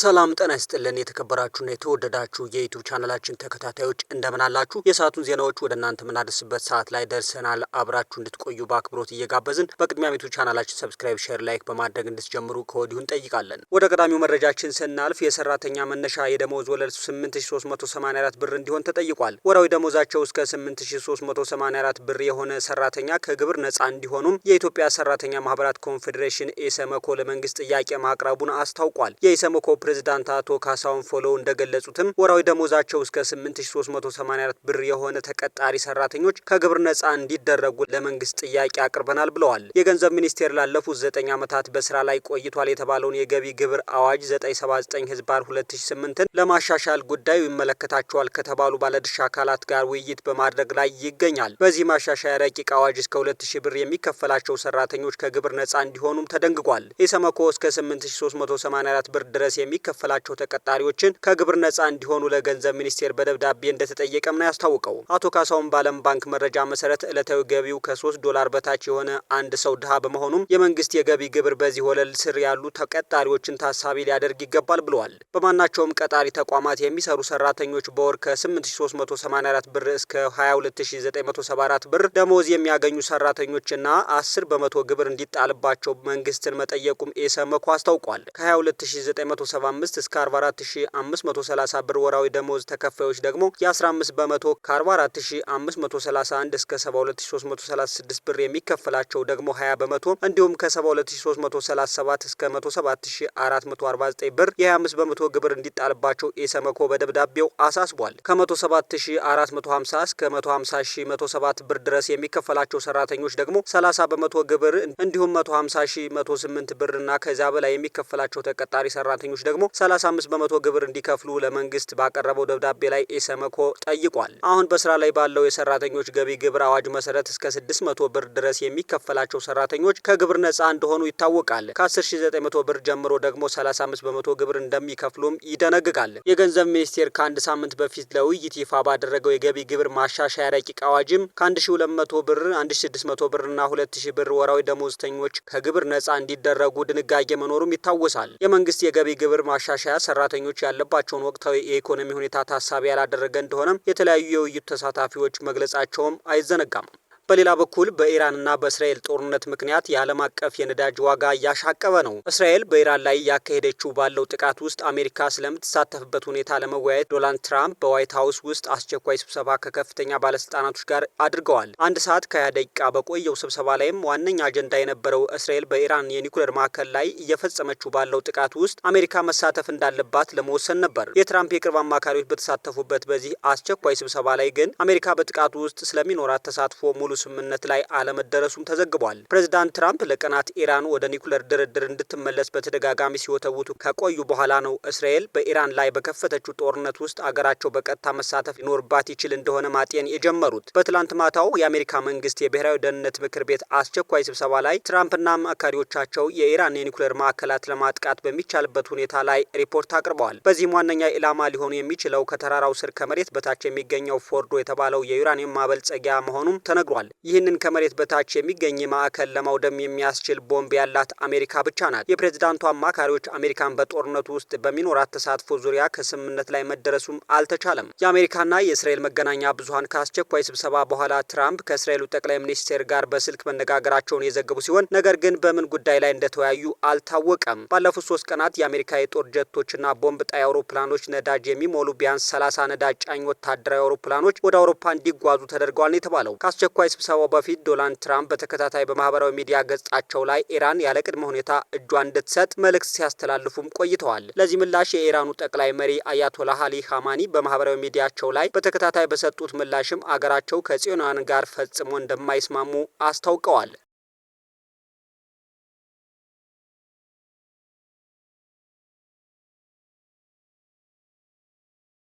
ሰላም ጤና ይስጥልን የተከበራችሁና የተወደዳችሁ የዩቱብ ቻናላችን ተከታታዮች እንደምን አላችሁ? የሰዓቱን ዜናዎች ወደ እናንተ የምናደርስበት ሰዓት ላይ ደርሰናል። አብራችሁ እንድትቆዩ በአክብሮት እየጋበዝን በቅድሚያ ዩቱብ ቻናላችን ሰብስክራይብ፣ ሼር፣ ላይክ በማድረግ እንድትጀምሩ ከወዲሁ እንጠይቃለን። ወደ ቀዳሚው መረጃችን ስናልፍ የሰራተኛ መነሻ የደሞዝ ወለል 8384 ብር እንዲሆን ተጠይቋል። ወራዊ ደሞዛቸው እስከ 8384 ብር የሆነ ሰራተኛ ከግብር ነፃ እንዲሆኑም የኢትዮጵያ ሰራተኛ ማህበራት ኮንፌዴሬሽን ኢሰመኮ ለመንግስት ጥያቄ ማቅረቡን አስታውቋል። የኢሰመኮ ፕሬዝዳንት አቶ ካሳሁን ፎሎው እንደገለጹትም ወራዊ ደሞዛቸው እስከ 8384 ብር የሆነ ተቀጣሪ ሰራተኞች ከግብር ነጻ እንዲደረጉ ለመንግስት ጥያቄ አቅርበናል ብለዋል። የገንዘብ ሚኒስቴር ላለፉት ዘጠኝ ዓመታት በስራ ላይ ቆይቷል የተባለውን የገቢ ግብር አዋጅ 979 ህዝባር 2008ን ለማሻሻል ጉዳዩ ይመለከታቸዋል ከተባሉ ባለድርሻ አካላት ጋር ውይይት በማድረግ ላይ ይገኛል። በዚህ ማሻሻያ ረቂቅ አዋጅ እስከ 2000 ብር የሚከፈላቸው ሰራተኞች ከግብር ነጻ እንዲሆኑም ተደንግጓል። ኢሰመኮ እስከ 8384 ብር ድረስ የሚከፈላቸው ተቀጣሪዎችን ከግብር ነጻ እንዲሆኑ ለገንዘብ ሚኒስቴር በደብዳቤ እንደተጠየቀም ነው ያስታውቀው። አቶ ካሳውን በዓለም ባንክ መረጃ መሰረት ዕለታዊ ገቢው ከሶስት ዶላር በታች የሆነ አንድ ሰው ድሃ በመሆኑም የመንግስት የገቢ ግብር በዚህ ወለል ስር ያሉ ተቀጣሪዎችን ታሳቢ ሊያደርግ ይገባል ብለዋል። በማናቸውም ቀጣሪ ተቋማት የሚሰሩ ሰራተኞች በወር ከ8384 ብር እስከ 22974 ብር ደሞዝ የሚያገኙ ሰራተኞችና 10 በመቶ ግብር እንዲጣልባቸው መንግስትን መጠየቁም ኢሰመኮ አስታውቋል። ከ22974 ከ475 እስከ 44530 ብር ወራዊ ደሞዝ ተከፋዮች ደግሞ የ15 በመቶ ከ44531 እስከ 72336 ብር የሚከፈላቸው ደግሞ 20 በመቶ እንዲሁም ከ72337 እስከ 17449 ብር የ25 በመቶ ግብር እንዲጣልባቸው ኢሰመኮ በደብዳቤው አሳስቧል። ከ17450 እስከ 150107 ብር ድረስ የሚከፈላቸው ሰራተኞች ደግሞ 30 በመቶ ግብር እንዲሁም 150108 እና ከዚያ በላይ የሚከፈላቸው ተቀጣሪ ሰራተኞች ደግሞ 35 በመቶ ግብር እንዲከፍሉ ለመንግስት ባቀረበው ደብዳቤ ላይ ኢሰመኮ ጠይቋል። አሁን በስራ ላይ ባለው የሰራተኞች ገቢ ግብር አዋጅ መሰረት እስከ 600 ብር ድረስ የሚከፈላቸው ሰራተኞች ከግብር ነጻ እንደሆኑ ይታወቃል። ከ10900 ብር ጀምሮ ደግሞ 35 በመቶ ግብር እንደሚከፍሉም ይደነግጋል። የገንዘብ ሚኒስቴር ከአንድ ሳምንት በፊት ለውይይት ይፋ ባደረገው የገቢ ግብር ማሻሻያ ረቂቅ አዋጅም ከ1200 ብር 1600 ብርና 2000 ብር ወራዊ ደሞዝተኞች ከግብር ነጻ እንዲደረጉ ድንጋጌ መኖሩም ይታወሳል። የመንግስት የገቢ ግብር የግብር ማሻሻያ ሰራተኞች ያለባቸውን ወቅታዊ የኢኮኖሚ ሁኔታ ታሳቢ ያላደረገ እንደሆነም የተለያዩ የውይይቱ ተሳታፊዎች መግለጻቸውም አይዘነጋም። በሌላ በኩል በኢራንና በእስራኤል ጦርነት ምክንያት የዓለም አቀፍ የነዳጅ ዋጋ እያሻቀበ ነው። እስራኤል በኢራን ላይ እያካሄደችው ባለው ጥቃት ውስጥ አሜሪካ ስለምትሳተፍበት ሁኔታ ለመወያየት ዶናልድ ትራምፕ በዋይት ሀውስ ውስጥ አስቸኳይ ስብሰባ ከከፍተኛ ባለስልጣናቶች ጋር አድርገዋል። አንድ ሰዓት ከሃያ ደቂቃ በቆየው ስብሰባ ላይም ዋነኛ አጀንዳ የነበረው እስራኤል በኢራን የኒኩሌር ማዕከል ላይ እየፈጸመችው ባለው ጥቃት ውስጥ አሜሪካ መሳተፍ እንዳለባት ለመወሰን ነበር። የትራምፕ የቅርብ አማካሪዎች በተሳተፉበት በዚህ አስቸኳይ ስብሰባ ላይ ግን አሜሪካ በጥቃቱ ውስጥ ስለሚኖራት ተሳትፎ ሙሉ ስምምነት ላይ አለመደረሱም ተዘግቧል። ፕሬዚዳንት ትራምፕ ለቀናት ኢራን ወደ ኒኩለር ድርድር እንድትመለስ በተደጋጋሚ ሲወተውቱ ከቆዩ በኋላ ነው እስራኤል በኢራን ላይ በከፈተችው ጦርነት ውስጥ አገራቸው በቀጥታ መሳተፍ ሊኖርባት ይችል እንደሆነ ማጤን የጀመሩት። በትላንት ማታው የአሜሪካ መንግስት የብሔራዊ ደህንነት ምክር ቤት አስቸኳይ ስብሰባ ላይ ትራምፕና አማካሪዎቻቸው የኢራን የኒኩለር ማዕከላት ለማጥቃት በሚቻልበት ሁኔታ ላይ ሪፖርት አቅርበዋል። በዚህም ዋነኛ ኢላማ ሊሆኑ የሚችለው ከተራራው ስር ከመሬት በታች የሚገኘው ፎርዶ የተባለው የዩራኒየም ማበልጸጊያ መሆኑም ተነግሯል። ተናግረዋል። ይህንን ከመሬት በታች የሚገኝ ማዕከል ለማውደም የሚያስችል ቦምብ ያላት አሜሪካ ብቻ ናት። የፕሬዝዳንቱ አማካሪዎች አሜሪካን በጦርነቱ ውስጥ በሚኖራት ተሳትፎ ዙሪያ ከስምምነት ላይ መደረሱም አልተቻለም። የአሜሪካና የእስራኤል መገናኛ ብዙሀን ከአስቸኳይ ስብሰባ በኋላ ትራምፕ ከእስራኤሉ ጠቅላይ ሚኒስቴር ጋር በስልክ መነጋገራቸውን የዘገቡ ሲሆን ነገር ግን በምን ጉዳይ ላይ እንደተወያዩ አልታወቀም። ባለፉት ሶስት ቀናት የአሜሪካ የጦር ጀቶችና ቦምብ ጣይ አውሮፕላኖች ነዳጅ የሚሞሉ ቢያንስ ሰላሳ ነዳጅ ጫኝ ወታደራዊ አውሮፕላኖች ወደ አውሮፓ እንዲጓዙ ተደርገዋል ነው የተባለው። ከአስቸኳይ ስብሰባው በፊት ዶናልድ ትራምፕ በተከታታይ በማህበራዊ ሚዲያ ገጻቸው ላይ ኢራን ያለ ቅድመ ሁኔታ እጇን እንድትሰጥ መልእክት ሲያስተላልፉም ቆይተዋል። ለዚህ ምላሽ የኢራኑ ጠቅላይ መሪ አያቶላህ አሊ ሃማኒ በማህበራዊ ሚዲያቸው ላይ በተከታታይ በሰጡት ምላሽም አገራቸው ከጽዮናን ጋር ፈጽሞ እንደማይስማሙ አስታውቀዋል።